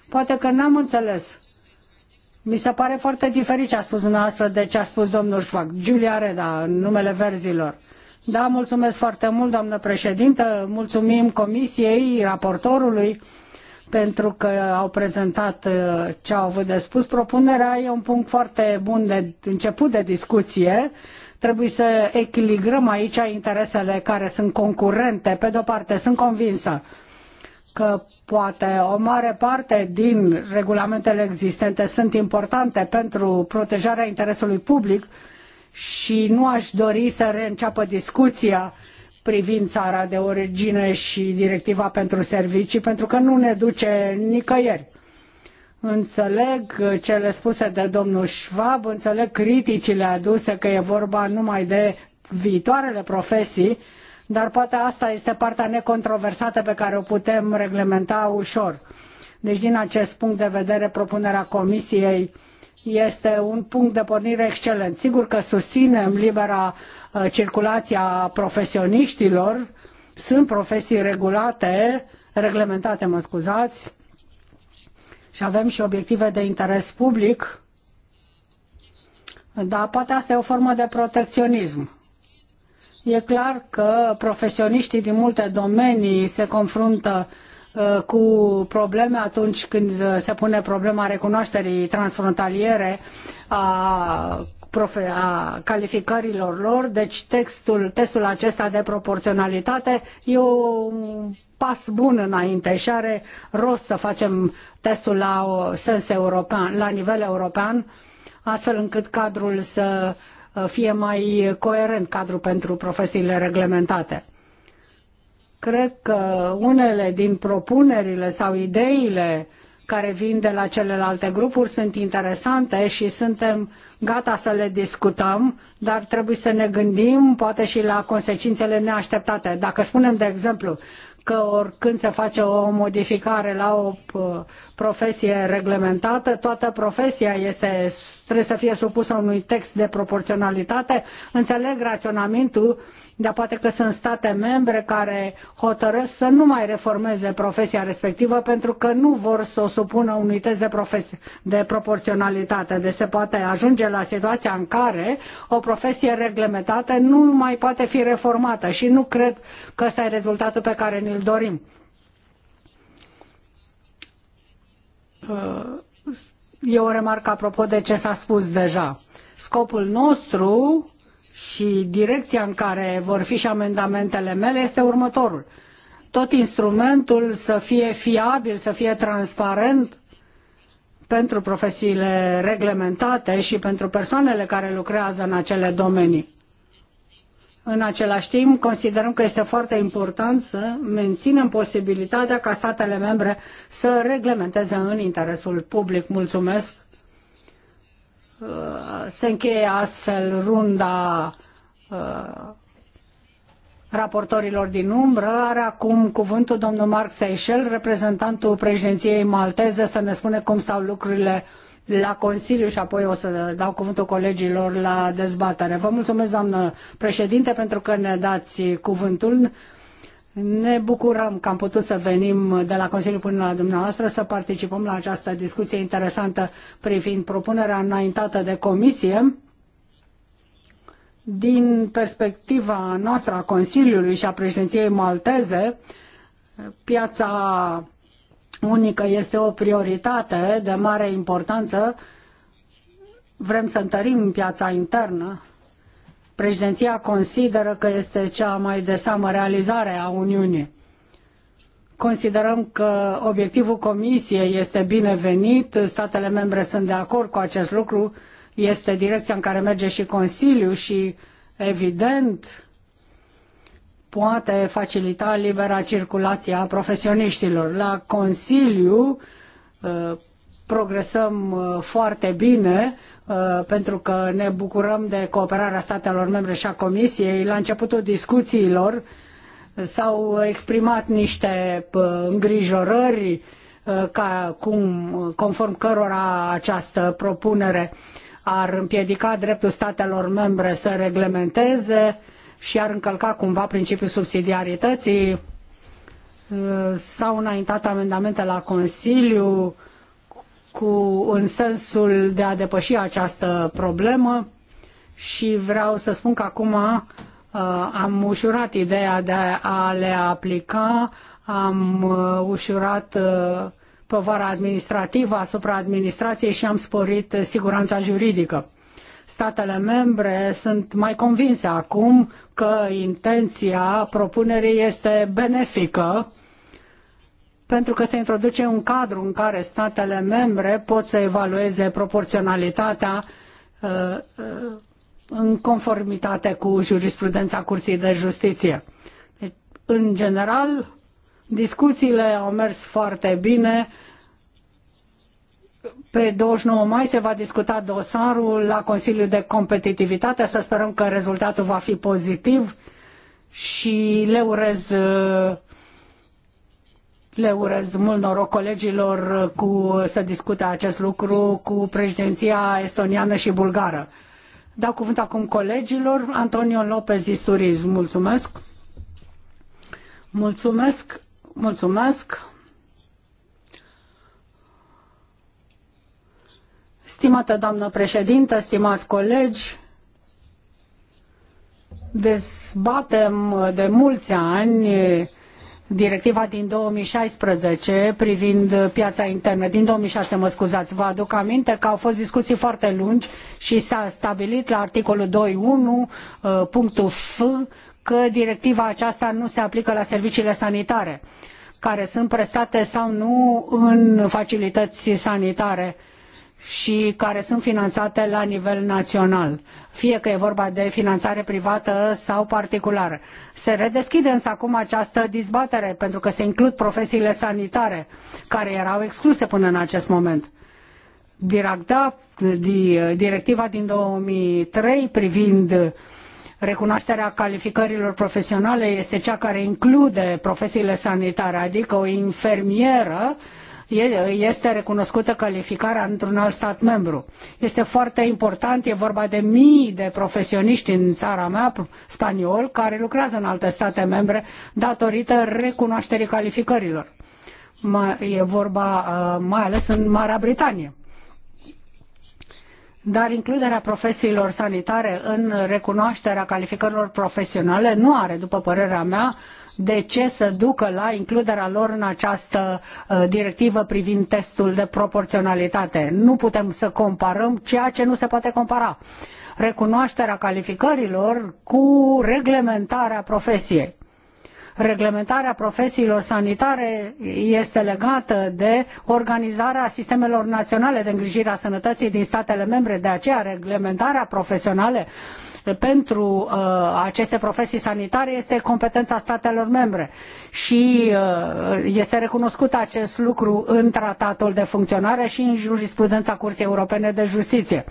Poate că n-am înțeles. Mi se pare foarte diferit ce a spus dumneavoastră de ce a spus domnul Șfac. Giulia Reda, în numele verzilor. Da, mulțumesc foarte mult, doamnă președintă. Mulțumim comisiei, raportorului, pentru că au prezentat uh, ce au avut de spus. Propunerea e un punct foarte bun de început de discuție Trebuie să echilibrăm aici interesele care sunt concurente. Pe de-o parte, sunt convinsă că poate o mare parte din regulamentele existente sunt importante pentru protejarea interesului public și nu aș dori să reînceapă discuția privind țara de origine și directiva pentru servicii, pentru că nu ne duce nicăieri Înțeleg cele spuse de domnul Schwab, înțeleg criticile aduse că e vorba numai de viitoarele profesii, dar poate asta este partea necontroversată pe care o putem reglementa ușor. Deci, din acest punct de vedere, propunerea Comisiei este un punct de pornire excelent. Sigur că susținem libera uh, circulație a profesioniștilor, sunt profesii regulate, reglementate, mă scuzați, și avem și obiective de interes public, dar poate asta e o formă de protecționism. E clar că profesioniștii din multe domenii se confruntă uh, cu probleme atunci când se pune problema recunoașterii transfrontaliere a, profe- a calificărilor lor. Deci textul, testul acesta de proporționalitate e o pas bun înainte și are rost să facem testul la sens european, la nivel european, astfel încât cadrul să uh, fie mai coerent cadrul pentru profesiile reglementate. Cred că unele din propunerile sau ideile care vin de la celelalte grupuri sunt interesante și suntem gata să le discutăm, dar trebuie să ne gândim poate și la consecințele neașteptate. Dacă spunem, de exemplu, că oricând se face o modificare la o uh, profesie reglementată, toată profesia este, trebuie să fie supusă unui text de proporționalitate. Înțeleg raționamentul dar poate că sunt state membre care hotărăsc să nu mai reformeze profesia respectivă pentru că nu vor să o supună unui test de, de proporționalitate. Deci se poate ajunge la situația în care o profesie reglementată nu mai poate fi reformată și nu cred că ăsta e rezultatul pe care ni-l dorim. E o remarcă apropo de ce s-a spus deja. Scopul nostru și direcția în care vor fi și amendamentele mele este următorul. Tot instrumentul să fie fiabil, să fie transparent pentru profesiile reglementate și pentru persoanele care lucrează în acele domenii. În același timp, considerăm că este foarte important să menținem posibilitatea ca statele membre să reglementeze în interesul public. Mulțumesc! Uh, se încheie astfel runda uh, raportorilor din umbră. Are acum cuvântul domnul Marc Seychelles, reprezentantul președinției malteze, să ne spune cum stau lucrurile la Consiliu și apoi o să dau cuvântul colegilor la dezbatere. Vă mulțumesc, doamnă președinte, pentru că ne dați cuvântul. Ne bucurăm că am putut să venim de la Consiliul până la dumneavoastră să participăm la această discuție interesantă privind propunerea înaintată de comisie. Din perspectiva noastră a Consiliului și a președinției malteze, piața unică este o prioritate de mare importanță. Vrem să întărim piața internă Președinția consideră că este cea mai de seamă realizare a Uniunii. Considerăm că obiectivul Comisiei este binevenit, statele membre sunt de acord cu acest lucru, este direcția în care merge și Consiliul și, evident, poate facilita libera circulație a profesioniștilor. La Consiliu, ă, progresăm uh, foarte bine uh, pentru că ne bucurăm de cooperarea statelor membre și a Comisiei. La începutul discuțiilor s-au exprimat niște uh, îngrijorări ca cum, conform cărora această propunere ar împiedica dreptul statelor membre să reglementeze și ar încălca cumva principiul subsidiarității. S-au înaintat amendamente la Consiliu cu, în sensul de a depăși această problemă și vreau să spun că acum uh, am ușurat ideea de a le aplica, am uh, ușurat uh, povara administrativă asupra administrației și am sporit siguranța juridică. Statele membre sunt mai convinse acum că intenția propunerii este benefică uh, pentru că se introduce un cadru în care statele membre pot să evalueze proporționalitatea uh, uh, în conformitate cu jurisprudența Curții de Justiție. Deci, în general, discuțiile au mers foarte bine. Pe 29 mai se va discuta dosarul la Consiliul de Competitivitate. Să sperăm că rezultatul va fi pozitiv și le urez uh, le urez mult noroc colegilor cu, să discute acest lucru cu președinția estoniană și bulgară. Dau cuvânt acum colegilor. Antonio Lopez Isturiz, mulțumesc. Mulțumesc, mulțumesc. Stimată doamnă președintă, stimați colegi, dezbatem de mulți ani directiva din 2016 privind piața internă, din 2006, mă scuzați, vă aduc aminte că au fost discuții foarte lungi și s-a stabilit la articolul 2.1, uh, punctul F, că directiva aceasta nu se aplică la serviciile sanitare care sunt prestate sau nu în facilități sanitare uh, și care sunt finanțate la nivel național, fie că e vorba de finanțare privată sau particulară. Se redeschide însă acum această dezbatere, pentru că se includ profesiile sanitare, care erau excluse până în acest moment. Directa, directiva din 2003 privind recunoașterea calificărilor profesionale este cea care include profesiile sanitare, adică o infermieră este recunoscută calificarea într-un alt stat membru. Este foarte important, e vorba de mii de profesioniști în țara mea, spaniol, care lucrează în alte state membre datorită recunoașterii calificărilor. E vorba uh, mai ales în Marea Britanie dar includerea profesiilor sanitare în recunoașterea calificărilor profesionale nu are, după părerea mea, de ce să ducă la includerea lor în această uh, directivă privind testul de proporționalitate. Nu putem să comparăm ceea ce nu se poate compara. Recunoașterea calificărilor cu reglementarea profesiei reglementarea profesiilor sanitare este legată de organizarea sistemelor naționale de îngrijire a sănătății din statele membre. De aceea, reglementarea profesională pentru uh, aceste profesii sanitare este competența statelor membre și uh, este recunoscut acest lucru în tratatul de funcționare și în jurisprudența Curții Europene de Justiție.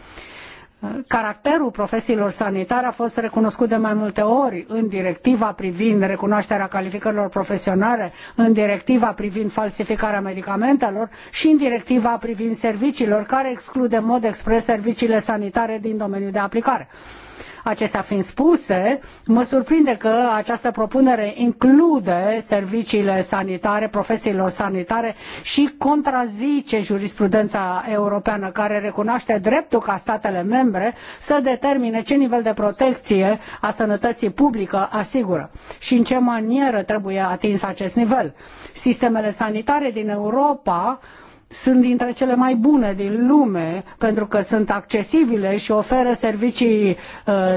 Caracterul profesiilor sanitare a fost recunoscut de mai multe ori în directiva privind recunoașterea calificărilor profesionale, în directiva privind falsificarea medicamentelor și în directiva privind serviciilor, care exclude în mod expres serviciile sanitare din domeniul de aplicare. Acestea fiind spuse, mă surprinde că această propunere include serviciile sanitare, profesiilor sanitare și contrazice jurisprudența europeană care recunoaște dreptul ca statele membre să determine ce nivel de protecție a sănătății publică asigură și în ce manieră trebuie atins acest nivel. Sistemele sanitare din Europa sunt dintre cele mai bune din lume pentru că sunt accesibile și oferă servicii uh,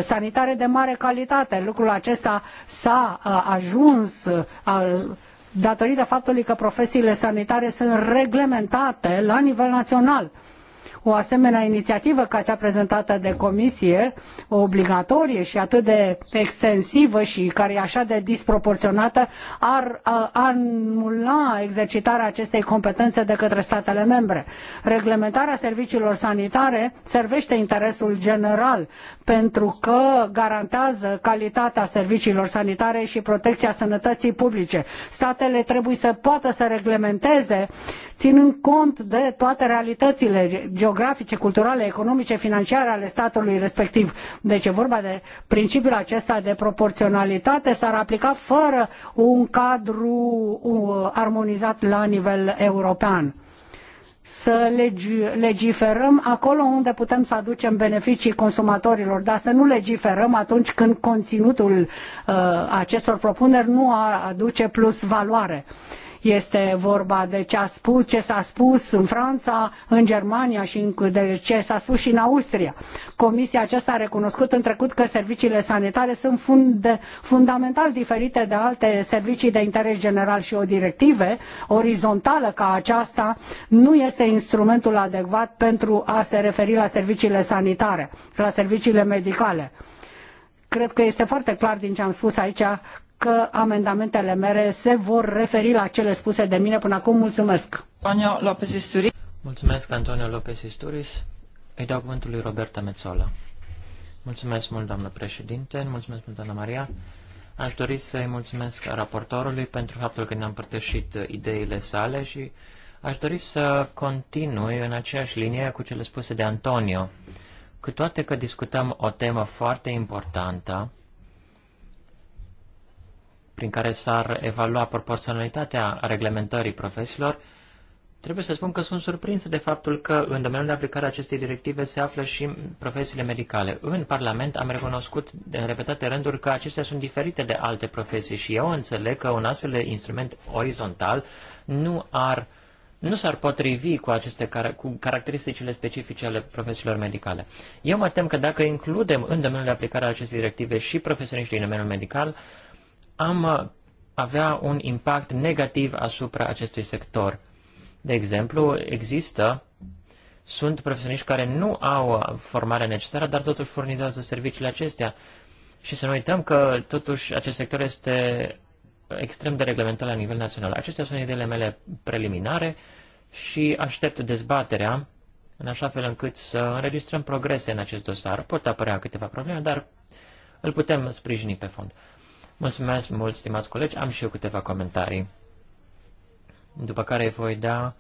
sanitare de mare calitate. Lucrul acesta s-a uh, ajuns uh, datorită faptului că profesiile sanitare sunt reglementate la nivel național. Uh, o asemenea inițiativă ca cea prezentată de comisie, obligatorie și atât de extensivă și care e așa de disproporționată, ar anula exercitarea acestei competențe de către statele membre. Reglementarea serviciilor sanitare servește interesul general pentru că garantează calitatea serviciilor sanitare și protecția sănătății publice. Statele trebuie să poată să reglementeze, ținând cont de toate realitățile geografice geografice, culturale, economice, financiare ale statului respectiv. Deci e vorba de principiul acesta de proporționalitate s-ar aplica fără un cadru uh, armonizat la nivel european să legiferăm acolo unde putem să aducem beneficii consumatorilor, dar să nu legiferăm atunci când conținutul uh, acestor propuneri nu aduce plus valoare. Este vorba de ce, a spus, ce s-a spus în Franța, în Germania și în, de ce s-a spus și în Austria. Comisia aceasta a recunoscut în trecut că serviciile sanitare sunt fund, fundamental diferite de alte servicii de interes general și o directive orizontală ca aceasta nu este instrumentul adecvat pentru a se referi la serviciile sanitare, la serviciile medicale cred că este foarte clar din ce am spus aici că amendamentele mele se vor referi la cele spuse de mine până acum. Mulțumesc! Antonio Lopez Isturiz. Mulțumesc, Antonio Lopez Isturiz. Îi dau cuvântul lui Roberta Metzola. Mulțumesc mult, doamnă președinte, mulțumesc mult, doamna Maria. Aș dori să-i mulțumesc raportorului pentru faptul că ne-a împărtășit ideile sale și aș dori să continui în aceeași linie cu cele spuse de Antonio. Cu toate că discutăm o temă foarte importantă, prin care s-ar evalua proporționalitatea reglementării profesiilor, trebuie să spun că sunt surprins de faptul că în domeniul de aplicare a acestei directive se află și profesiile medicale. În Parlament am recunoscut în repetate rânduri că acestea sunt diferite de alte profesii și eu înțeleg că un astfel de instrument orizontal nu ar nu s-ar potrivi cu aceste cu caracteristicile specifice ale profesiilor medicale. Eu mă tem că dacă includem în domeniul de aplicare a acestei directive și profesioniștii în domeniul medical, uh, am uh, avea un impact negativ asupra acestui sector. De exemplu, există, sunt profesioniști care nu au uh, formarea necesară, dar totuși furnizează serviciile acestea. Și să nu uităm că totuși acest sector este extrem de reglementat la nivel național. Acestea sunt ideile mele preliminare și aștept dezbaterea în așa fel încât să înregistrăm progrese în acest dosar. Pot apărea câteva probleme, dar îl putem sprijini pe fond. Mulțumesc mult, stimați colegi. Am și eu câteva comentarii. După care voi da,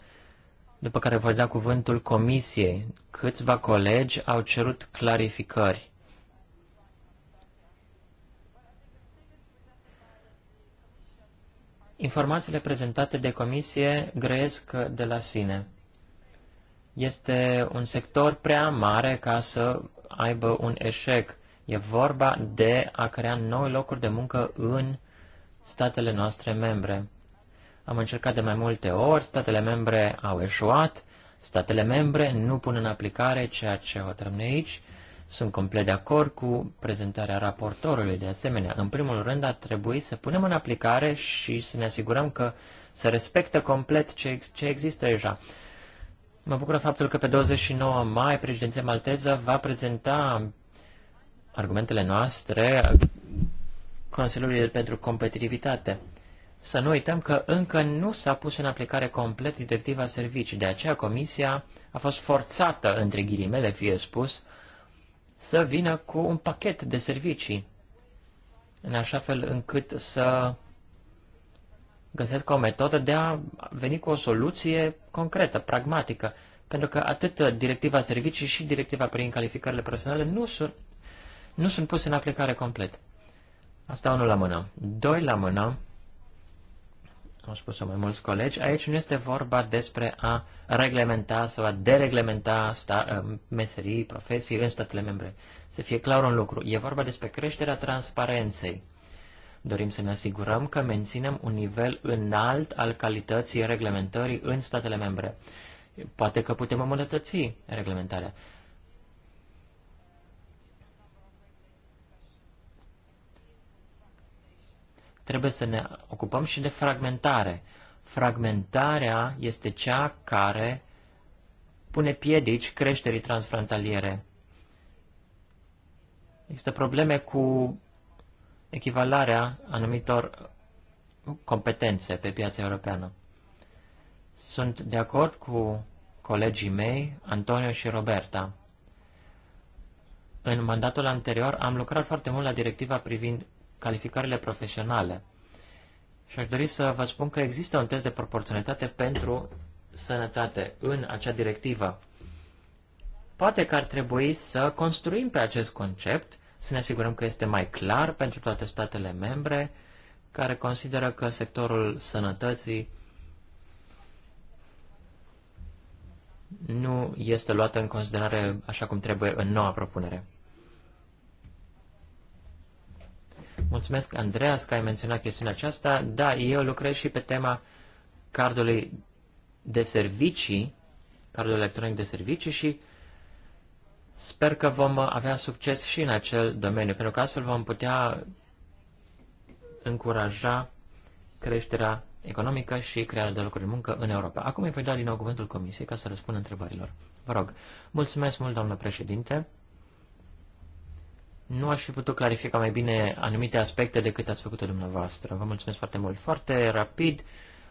după care voi da cuvântul comisiei. Câțiva colegi au cerut clarificări. Informațiile prezentate de comisie grăiesc de la sine. Este un sector prea mare ca să aibă un eșec. E vorba de a crea noi locuri de muncă în statele noastre membre. Am încercat de mai multe ori, statele membre au eșuat, statele membre nu pun în aplicare ceea ce trămne aici. Sunt complet de acord cu prezentarea raportorului de asemenea. În primul rând ar trebui să punem în aplicare și să ne asigurăm că se respectă complet ce, ce există deja. Mă bucură faptul că pe 29 mai președinția malteză va prezenta argumentele noastre Consiliului pentru Competitivitate. Să nu uităm că încă nu s-a pus în aplicare complet directiva servicii, de aceea Comisia a fost forțată, între ghilimele fie spus, să vină cu un pachet de servicii, în așa fel încât să găsească o metodă de a veni cu o soluție concretă, pragmatică, pentru că atât directiva servicii și directiva prin calificările personale nu sunt, nu sunt puse în aplicare complet. Asta unul la mână. Doi la mână, au spus-o mai mulți colegi, aici nu este vorba despre a reglementa sau a dereglementa sta, uh, meserii, profesii în statele membre. Să fie clar un lucru, e vorba despre creșterea transparenței. Dorim să ne asigurăm că menținem un nivel înalt al calității reglementării în statele membre. Poate că putem îmbunătăți reglementarea. trebuie să ne ocupăm și de fragmentare. Fragmentarea este cea care pune piedici creșterii transfrontaliere. Există probleme cu echivalarea anumitor competențe pe piața europeană. Sunt de acord cu colegii mei, Antonio și Roberta. În mandatul anterior am lucrat foarte mult la directiva privind calificările profesionale. Și aș dori să vă spun că există un test de proporționalitate pentru sănătate în acea directivă. Poate că ar trebui să construim pe acest concept, să ne asigurăm că este mai clar pentru toate statele membre care consideră că sectorul sănătății nu este luată în considerare așa cum trebuie în noua propunere. Mulțumesc, Andreas, că ai menționat chestiunea aceasta. Da, eu lucrez și pe tema cardului de servicii, cardul electronic de servicii și sper că vom avea succes și în acel domeniu, pentru că astfel vom putea încuraja creșterea economică și crearea de locuri de muncă în Europa. Acum îi voi da din nou cuvântul Comisiei ca să răspundă întrebărilor. Vă rog. Mulțumesc mult, doamnă președinte nu aș fi putut clarifica mai bine anumite aspecte decât ați făcut-o dumneavoastră. Vă mulțumesc foarte mult. Foarte rapid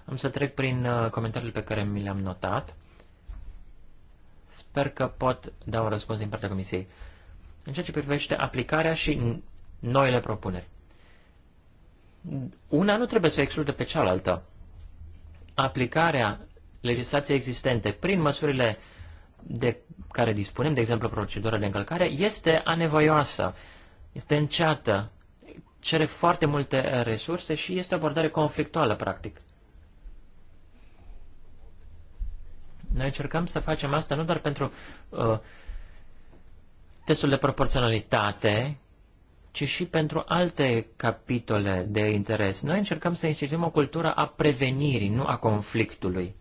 am să trec prin uh, comentariile pe care mi le-am notat. Sper că pot da un răspuns din partea Comisiei. În ceea ce privește aplicarea și noile propuneri. Una nu trebuie să exclude pe cealaltă. Aplicarea legislației existente prin măsurile de care dispunem, de exemplu procedura de încălcare, este anevoioasă, este înceată, cere foarte multe resurse și este o abordare conflictuală, practic. Noi încercăm să facem asta nu doar pentru uh, testul de proporționalitate, ci și pentru alte capitole de interes. Noi încercăm să instituim o cultură a prevenirii, nu a conflictului.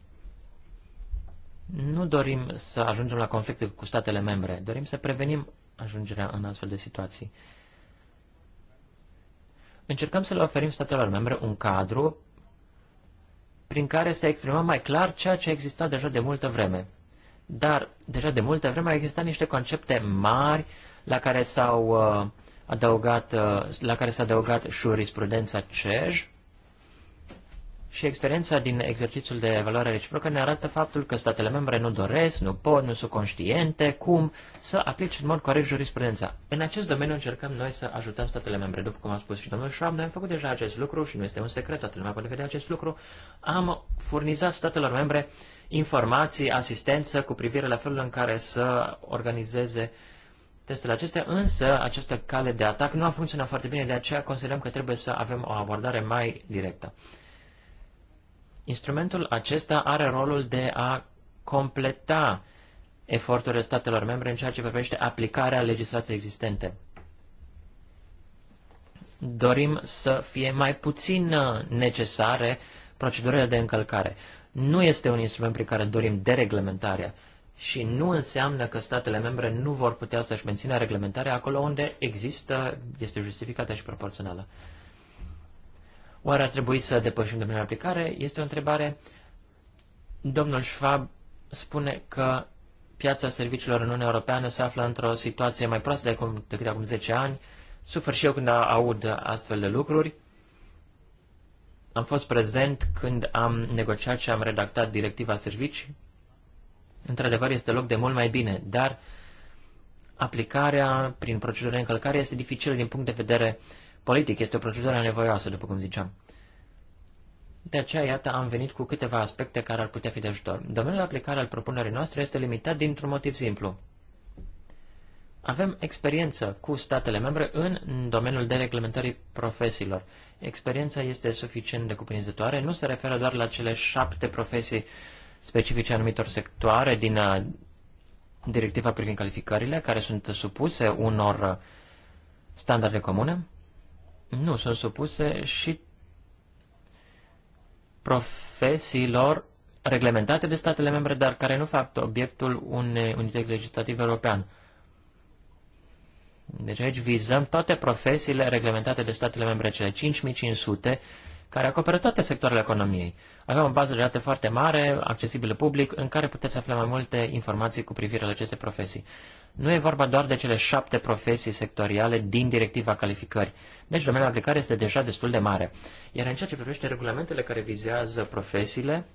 Nu dorim să ajungem la conflicte cu statele membre, dorim să prevenim ajungerea în astfel de situații. Încercăm să le oferim statelor membre un cadru prin care să exprimăm mai clar ceea ce a existat deja de multă vreme. Dar deja de multă vreme au existat niște concepte mari la care s-au uh, adăugat, uh, la care s-a adăugat jurisprudența CEJ, și experiența din exercițiul de evaluare reciprocă ne arată faptul că statele membre nu doresc, nu pot, nu sunt conștiente cum să aplice în mod corect jurisprudența. În acest domeniu încercăm noi să ajutăm statele membre. După cum a spus și domnul Schwab, noi am făcut deja acest lucru și nu este un secret, toată lumea poate vedea acest lucru. Am furnizat statelor membre informații, asistență cu privire la felul în care să organizeze testele acestea, însă această cale de atac nu a funcționat foarte bine, de aceea considerăm că trebuie să avem o abordare mai directă. Instrumentul acesta are rolul de a completa eforturile statelor membre în ceea ce privește aplicarea legislației existente. Dorim să fie mai puțin necesare procedurile de încălcare. Nu este un instrument prin care dorim dereglementarea și nu înseamnă că statele membre nu vor putea să-și mențină reglementarea acolo unde există, este justificată și proporțională. Oare ar trebui să depășim domeniul aplicare? Este o întrebare. Domnul Schwab spune că piața serviciilor în Uniunea Europeană se află într-o situație mai proastă de acum, decât acum 10 ani. Sufăr și eu când aud astfel de lucruri. Am fost prezent când am negociat și am redactat directiva servicii. Într-adevăr, este loc de mult mai bine, dar aplicarea prin procedură de încălcare este dificilă din punct de vedere uh, politic. Este o procedură nevoioasă, după cum ziceam. De aceea, iată, am venit cu câteva aspecte care ar putea fi de ajutor. Domeniul de aplicare al propunerii noastre este limitat dintr-un motiv simplu. Avem experiență cu statele membre în domeniul de reglementării profesiilor. Experiența este suficient de cuprinzătoare, nu se referă doar la cele șapte profesii specifice anumitor sectoare din uh, directiva privind calificările, care sunt supuse unor uh, standarde comune, nu, sunt supuse și profesiilor reglementate de statele membre, dar care nu fac obiectul unei unități legislative european. Deci aici vizăm toate profesiile reglementate de statele membre, cele 5500, care acoperă toate sectoarele economiei. Avem o bază de date foarte mare, accesibilă public, în care puteți afla mai multe informații cu privire la aceste profesii. Nu e vorba doar de cele șapte profesii sectoriale din directiva calificării, Deci domeniul de aplicare este deja destul de mare. Iar în ceea ce privește regulamentele care vizează profesiile,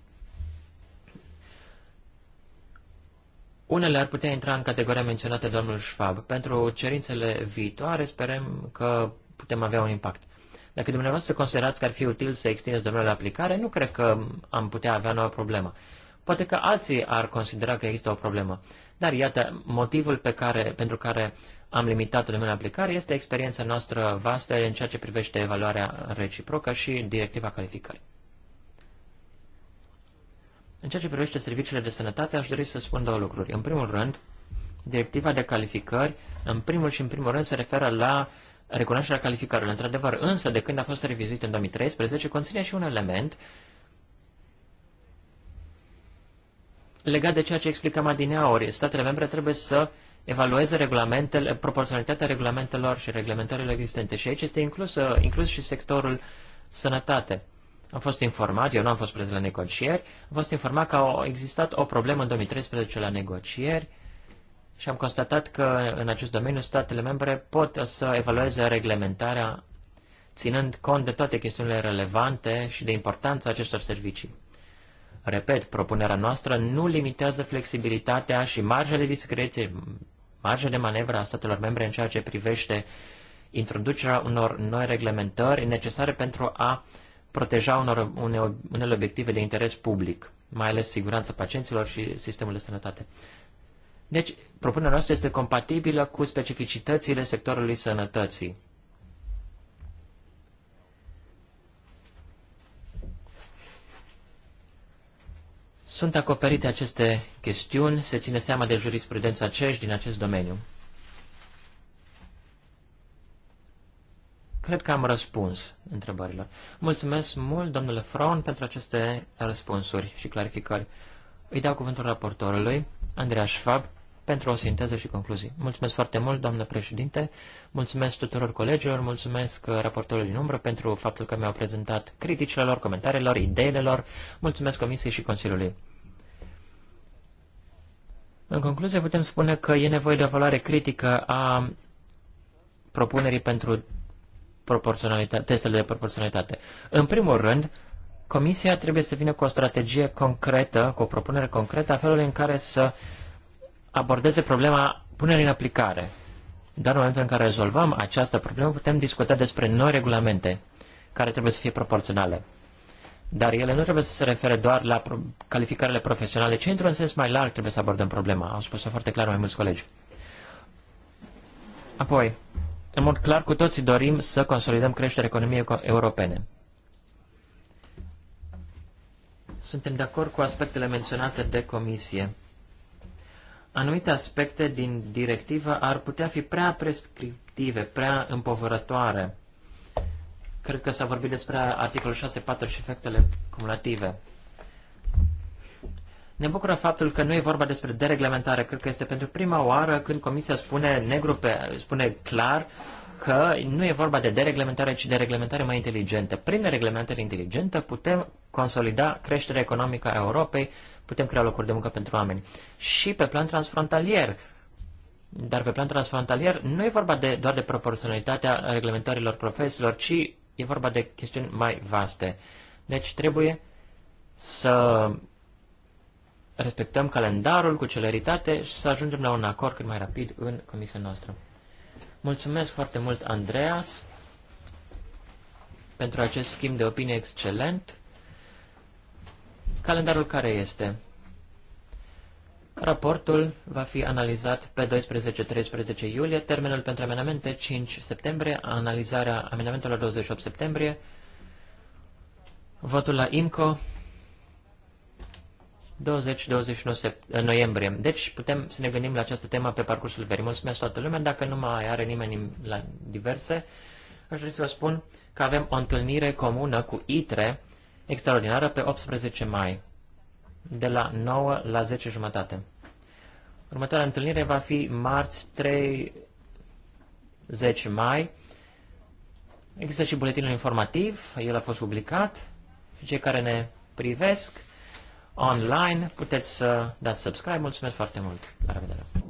Unele ar putea intra în categoria menționată de domnul Schwab. Pentru cerințele viitoare sperăm că putem avea un impact. Dacă dumneavoastră considerați că ar fi util să extindeți domeniul de aplicare, nu cred că am putea avea nouă problemă. Poate că alții ar considera că există o problemă. Dar iată, motivul pe care, pentru care am limitat domeniul aplicare este experiența noastră vastă în ceea ce privește evaluarea reciprocă și directiva calificării. În ceea ce privește serviciile de sănătate, aș dori să spun două lucruri. În primul rând, directiva de calificări, în primul și în primul rând, se referă la recunoașterea calificărilor, într-adevăr, însă de când a fost revizuit în 2013, conține și un element uh, legat de ceea ce explicam adineaori, statele membre trebuie să evalueze regulamentele, proporționalitatea regulamentelor și reglementările existente. Și aici este inclus, uh, inclus și sectorul sănătate. Am fost informat, eu nu am fost prezent la negocieri, am fost informat că a existat o problemă în 2013 la negocieri și am constatat că în acest domeniu statele membre pot să evalueze reglementarea ținând cont de toate chestiunile relevante și de importanța acestor servicii. Repet, propunerea noastră nu limitează flexibilitatea și marja de discreție, marja de manevră a statelor membre în ceea ce privește introducerea unor noi reglementări necesare pentru a proteja unor, une, unele obiective de interes public, mai ales siguranța pacienților și sistemul de sănătate. Deci, propunerea noastră este compatibilă cu specificitățile sectorului sănătății. sunt acoperite aceste chestiuni, se ține seama de jurisprudența cești din acest domeniu. Cred că am răspuns întrebărilor. Mulțumesc mult, domnule Fron, pentru aceste răspunsuri și clarificări. Îi dau cuvântul raportorului, Andreea Schwab, pentru o sinteză și concluzii. Mulțumesc foarte mult, doamnă președinte, mulțumesc tuturor colegilor, mulțumesc uh, raportorului din umbră pentru faptul că mi-au prezentat criticile lor, comentariile lor, ideile lor, mulțumesc Comisiei și Consiliului. În concluzie, putem spune că e nevoie de o valoare critică a propunerii pentru proporționalitate, testele de proporționalitate. În primul rând, Comisia trebuie să vină cu o strategie concretă, cu o propunere concretă a felului în care să uh, abordeze problema punerii în aplicare. Dar în momentul în care rezolvăm această problemă, putem discuta despre noi regulamente care trebuie să fie proporționale. Dar ele nu trebuie să se refere doar la calificările profesionale, ci într-un sens mai larg trebuie să abordăm problema. Au spus-o foarte clar mai mulți colegi. Apoi, în mod clar, cu toții dorim să consolidăm creșterea economiei europene. Suntem de acord cu aspectele menționate de comisie anumite aspecte din directivă ar putea fi prea prescriptive, prea împovărătoare. Cred că s-a vorbit despre articolul 6.4 și efectele cumulative. Ne bucură faptul că nu e vorba despre dereglementare. Cred că este pentru prima oară când Comisia spune negru pe, spune clar că nu e vorba de dereglementare, ci de reglementare mai inteligentă. Prin reglementare inteligentă putem consolida creșterea economică a Europei, putem crea locuri de muncă pentru oameni. Și pe plan transfrontalier, dar pe plan transfrontalier nu e vorba de, doar de proporționalitatea reglementărilor profesiilor, ci e vorba de chestiuni mai vaste. Deci trebuie să respectăm calendarul cu celeritate și să ajungem la un acord cât mai rapid în comisia noastră. Mulțumesc foarte mult, Andreas, pentru acest schimb de opinie excelent. Calendarul care este? Raportul va fi analizat pe 12-13 iulie, termenul pentru amendamente 5 septembrie, analizarea amendamentelor 28 septembrie, votul la IMCO 20-29 noiembrie. Deci putem să ne gândim la această temă pe parcursul verii. Mulțumesc toată lumea. Dacă nu mai are nimeni la diverse, aș vrea să vă spun că avem o întâlnire comună cu ITRE extraordinară pe 18 mai, de la 9 la 10 jumătate. Următoarea întâlnire va fi marți 30 mai. Există și buletinul informativ, el a fost publicat cei care ne privesc online. Puteți să dați subscribe. Mulțumesc foarte mult. La revedere!